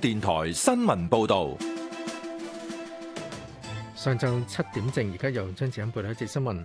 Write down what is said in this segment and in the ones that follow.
電台新聞報道：上晝七點正，而家由張子欣報道一節新聞。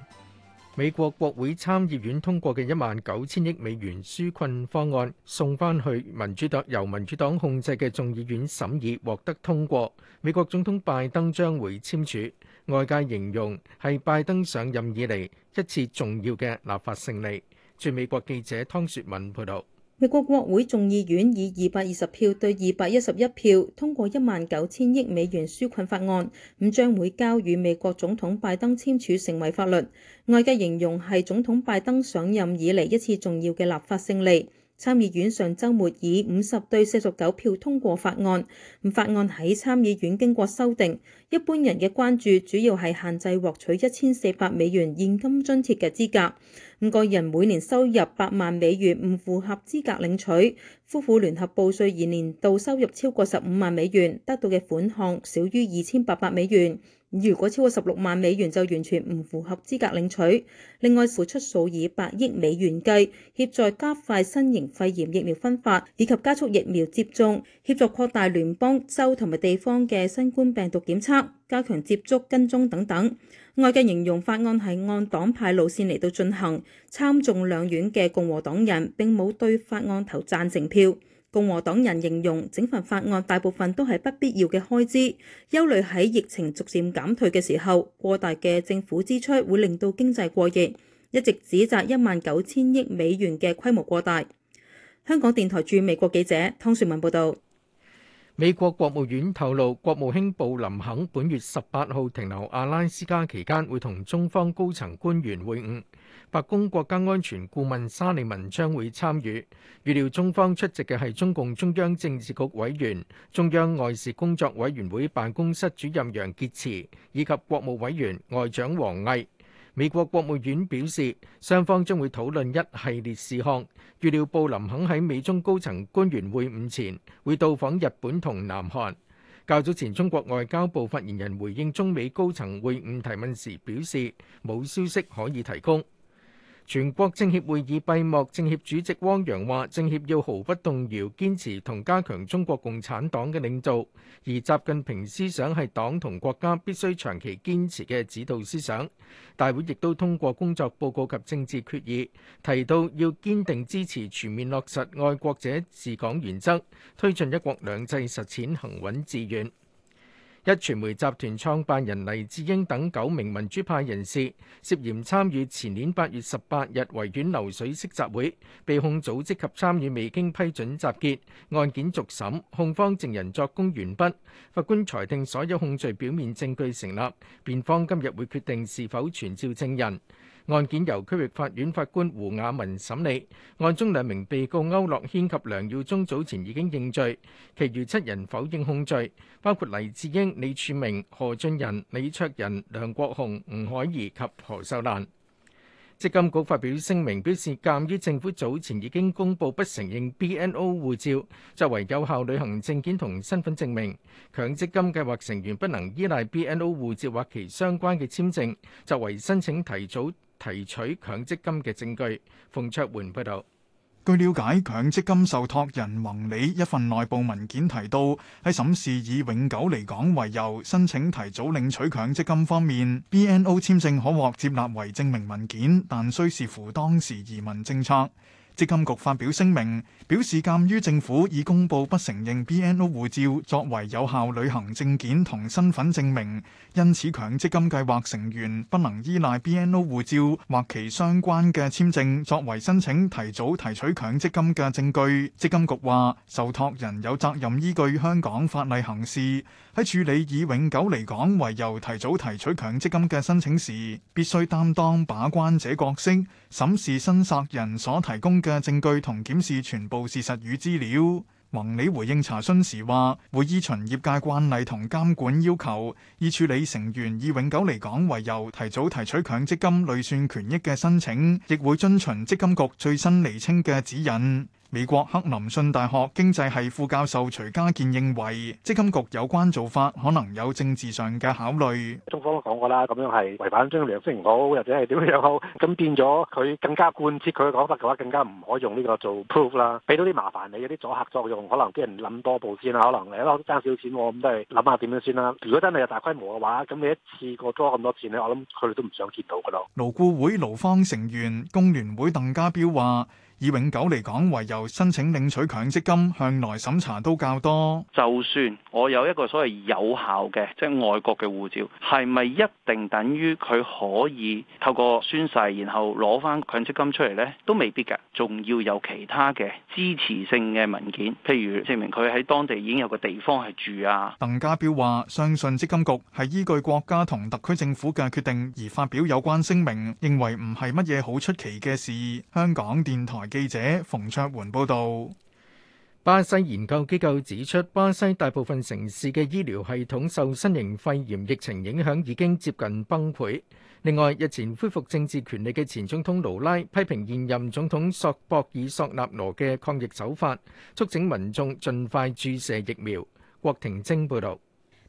美國國會參議院通過嘅一萬九千億美元紓困方案，送翻去民主黨由民主黨控制嘅眾議院審議，獲得通過。美國總統拜登將會簽署。外界形容係拜登上任以嚟一次重要嘅立法勝利。駐美國記者湯雪文報道。美國國會眾議院以二百二十票對二百一十一票通過一萬九千億美元紓困法案，咁將會交予美國總統拜登簽署成為法律。外界形容係總統拜登上任以嚟一次重要嘅立法勝利。參議院上週末以五十對四十九票通過法案，法案喺參議院經過修訂。一般人嘅關注主要係限制獲取一千四百美元現金津貼嘅資格，五個人每年收入八萬美元唔符合資格領取，夫婦聯合報稅而年度收入超過十五萬美元得到嘅款項少於二千八百美元。如果超過十六萬美元就完全唔符合資格領取。另外，付出數以百億美元計，協助加快新型肺炎疫苗分發以及加速疫苗接種，協助擴大聯邦州同埋地方嘅新冠病毒檢測，加強接觸跟蹤等等。外界形容法案係按黨派路線嚟到進行，參眾兩院嘅共和黨人並冇對法案投贊成票。共和黨人形容整份法案大部分都係不必要嘅開支，憂慮喺疫情逐漸減退嘅時候，過大嘅政府支出會令到經濟過熱，一直指責一萬九千億美元嘅規模過大。香港電台駐美國記者湯雪文報道。美國國務院透露，國務卿布林肯本月十八號停留阿拉斯加期間，會同中方高層官員會晤，白宮國家安全顧問沙利文將會參與。預料中方出席嘅係中共中央政治局委員、中央外事工作委員會辦公室主任楊潔篪，以及國務委員外長王毅。美國國務院表示，雙方將會討論一系列事項。預料布林肯喺美中高層官員會晤前，會到訪日本同南韓。較早前，中國外交部發言人回應中美高層會晤提問時表示，冇消息可以提供。全國政協會議閉幕，政協主席汪洋話：政協要毫不動搖堅持同加強中國共產黨嘅領導，而習近平思想係黨同國家必須長期堅持嘅指導思想。大會亦都通過工作報告及政治決議，提到要堅定支持全面落實愛國者治港原則，推進一國兩制實踐行穩致遠。一傳媒集團創辦人黎智英等九名民主派人士涉嫌參與前年八月十八日維園流水式集會，被控組織及參與未經批准集結。案件續審，控方證人作供完畢，法官裁定所有控罪表面證據成立，辯方今日會決定是否傳召證人。案件由區域法院法官胡雅文審理。案中兩名被告區諾軒及梁耀忠早前已經認罪，其餘七人否認控罪，包括黎智英、李柱銘、何俊仁、李卓人、梁國雄、吳靄儀及何秀蘭。積金局發表聲明表示，鑑於政府早前已經公布不承認 BNO 護照作為有效旅行證件同身份證明，強積金計劃成員不能依賴 BNO 護照或其相關嘅簽證，作為申請提早提取強積金嘅證據。馮卓桓報道。據了解，強積金受託人宏利一份內部文件提到，喺審視以永久離港為由申請提早領取強積金方面，BNO 簽證可獲接納為證明文件，但需視乎當時移民政策。積金局發表聲明，表示鑑於政府已公布不承認 BNO 護照作為有效旅行證件同身份證明，因此強積金計劃成員不能依賴 BNO 護照或其相關嘅簽證作為申請提早提取強積金嘅證據。積金局話，受託人有責任依據香港法例行事，喺處理以永久離港為由提早提取強積金嘅申請時，必須擔當把關者角色，審視申索人所提供嘅證據同檢視全部事實與資料。宏利回應查詢時話：會依循業界慣例同監管要求，以處理成員以永久離港為由提早提取強積金累算權益嘅申請，亦會遵循積金局最新釐清嘅指引。美國克林遜大學經濟系副教授徐家健認為，積金局有關做法可能有政治上嘅考慮。中方都講過啦，咁樣係違反中英協議唔好，或者係點樣好，咁變咗佢更加貫徹佢嘅講法嘅話，更加唔可用呢個做 proof 啦，俾到啲麻煩你啲阻嚇作用，可能啲人諗多步先啦，可能誒，攞啲爭少錢，咁都係諗下點樣先啦。如果真係有大規模嘅話，咁你一次過多咁多錢，我諗佢哋都唔想見到噶咯。勞顧會勞方成員工聯會鄧家彪話。以永久離港為由申請領取強積金，向來審查都較多。就算我有一個所謂有效嘅即係外國嘅護照，係咪一定等於佢可以透過宣誓，然後攞翻強積金出嚟咧？都未必嘅，仲要有其他嘅支持性嘅文件，譬如證明佢喺當地已經有個地方係住啊。鄧家彪話相信積金局係依據國家同特區政府嘅決定而發表有關聲明，認為唔係乜嘢好出奇嘅事。香港電台。記者馮卓桓報導，巴西研究機構指出，巴西大部分城市嘅醫療系統受新型肺炎疫情影響，已經接近崩潰。另外，日前恢復政治權利嘅前總統盧拉批評現任總統索博爾索納羅嘅抗疫手法，促請民眾盡快注射疫苗。啊、郭婷晶報導。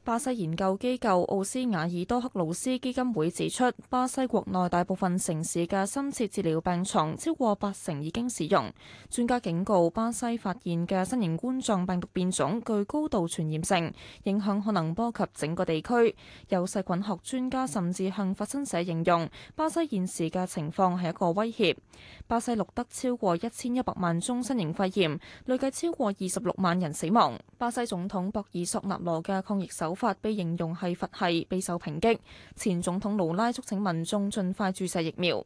巴西研究機構奧斯瓦爾多克魯斯基金會指出，巴西國內大部分城市嘅深切治療病床超過八成已經使用。專家警告，巴西發現嘅新型冠狀病毒變種具高度傳染性，影響可能波及整個地區。有細菌學專家甚至向法新社形容，巴西現時嘅情況係一個威脅。巴西錄得超過一千一百萬宗新型肺炎，累計超過二十六萬人死亡。巴西總統博爾索納羅嘅抗疫手法被形容係佛系，備受抨擊。前總統盧拉促請民眾盡快注射疫苗。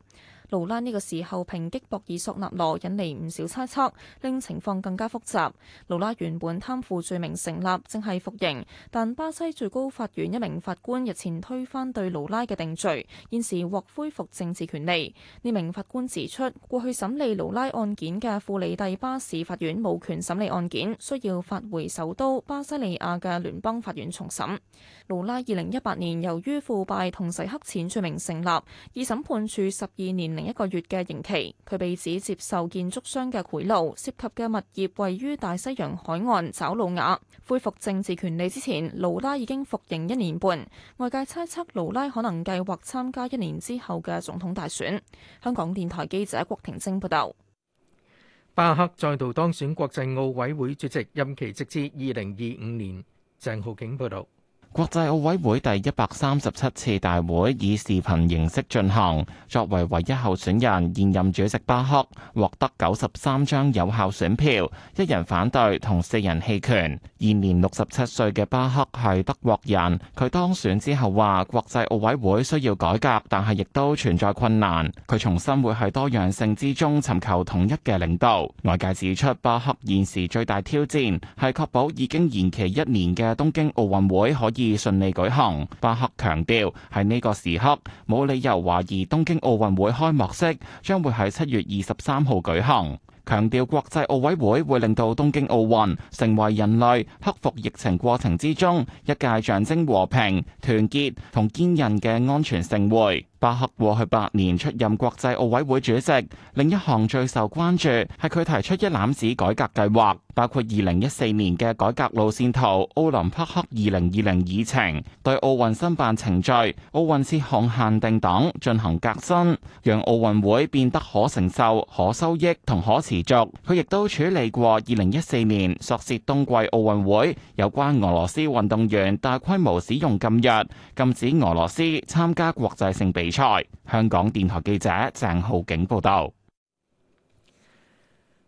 盧拉呢個時候抨擊博爾索納羅，引嚟唔少猜測，令情況更加複雜。盧拉原本貪腐罪名成立，正係服刑，但巴西最高法院一名法官日前推翻對盧拉嘅定罪，現時獲恢復政治權利。呢名法官指出，過去審理盧拉案件嘅庫里蒂巴市法院冇權審理案件，需要發回首都巴西利亞嘅聯邦法院重審。盧拉二零一八年由於腐敗同洗黑錢罪名成立，二審判處十二年。另一個月嘅刑期，佢被指接受建築商嘅賄賂，涉及嘅物業位於大西洋海岸找老雅。恢復政治權利之前，勞拉已經服刑一年半。外界猜測勞拉可能計劃參加一年之後嘅總統大選。香港電台記者郭婷晶報道。巴克再度當選國際奧委會主席，任期直至二零二五年。鄭浩景報導。國際奧委會第一百三十七次大會以視頻形式進行，作為唯一候選人，現任主席巴克獲得九十三張有效選票，一人反對同四人棄權。現年六十七歲嘅巴克係德國人，佢當選之後話：國際奧委會需要改革，但係亦都存在困難。佢重新會喺多樣性之中尋求統一嘅領導。外界指出，巴克現時最大挑戰係確保已經延期一年嘅東京奧運會可以。順利舉行。巴克強調，喺呢個時刻，冇理由懷疑東京奧運會開幕式將會喺七月二十三號舉行。強調國際奧委會會令到東京奧運成為人類克服疫情過程之中一屆象徵和平、團結同堅韌嘅安全盛會。巴赫過去八年出任國際奧委會主席，另一項最受關注係佢提出一攬子改革計劃，包括二零一四年嘅改革路線圖、奧林匹克二零二零議程，對奧運申辦程序、奧運設項限定等進行革新，讓奧運會變得可承受、可收益同可持續。佢亦都處理過二零一四年索契冬季奧運會有關俄羅斯運動員大規模使用禁藥，禁止俄羅斯參加國際性比賽。財香港電台記者鄭浩景報道。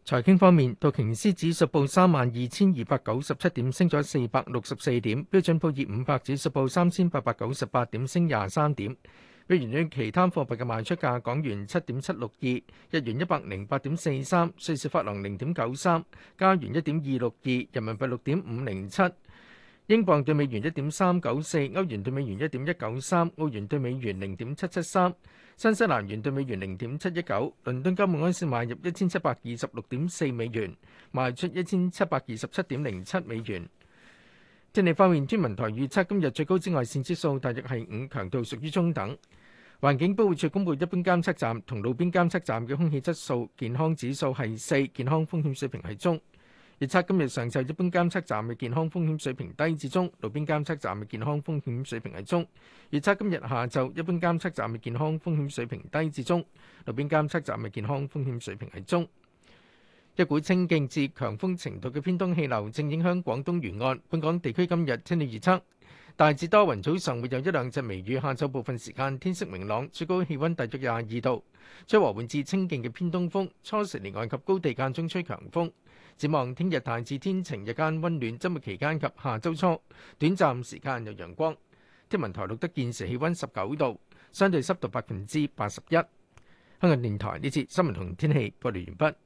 財經方面，道瓊斯指數報三萬二千二百九十七點，升咗四百六十四點；標準普爾五百指數報三千八百九十八點，升廿三點。美元兌其他貨幣嘅賣出價：港元七點七六二，日元一百零八點四三，瑞士法郎零點九三，加元一點二六二，人民幣六點五零七。英鎊兌美元一點三九四，歐元兌美元一點一九三，澳元兌美元零點七七三，新西蘭元兌美元零點七一九。倫敦金每安士買入一千七百二十六點四美元，賣出一千七百二十七點零七美元。天氣方面，天文台預測今日最高紫外線指數大約係五，強度屬於中等。環境保護署公布一般監測站同路邊監測站嘅空氣質素健康指數係四，健康風險水平係中。預測今日上晝一般監測站嘅健康風險水平低至中，路邊監測站嘅健康風險水平係中。預測今日下晝一般監測站嘅健康風險水平低至中，路邊監測站嘅健康風險水平係中。一股清勁至強風程度嘅偏東氣流正影響廣東沿岸本港地區。今日天氣預測大致多雲，早上會有一兩陣微雨，下晝部分時間天色明朗，最高氣溫大約廿二度，吹和緩至清勁嘅偏東風，初時離岸及高地間中吹強風。展望聽日大致天晴，日間溫暖，週末期間及下週初短暫時間有陽光。天文台錄得現時氣溫十九度，相對濕度百分之八十一。香港電台呢次新聞同天氣報道完畢。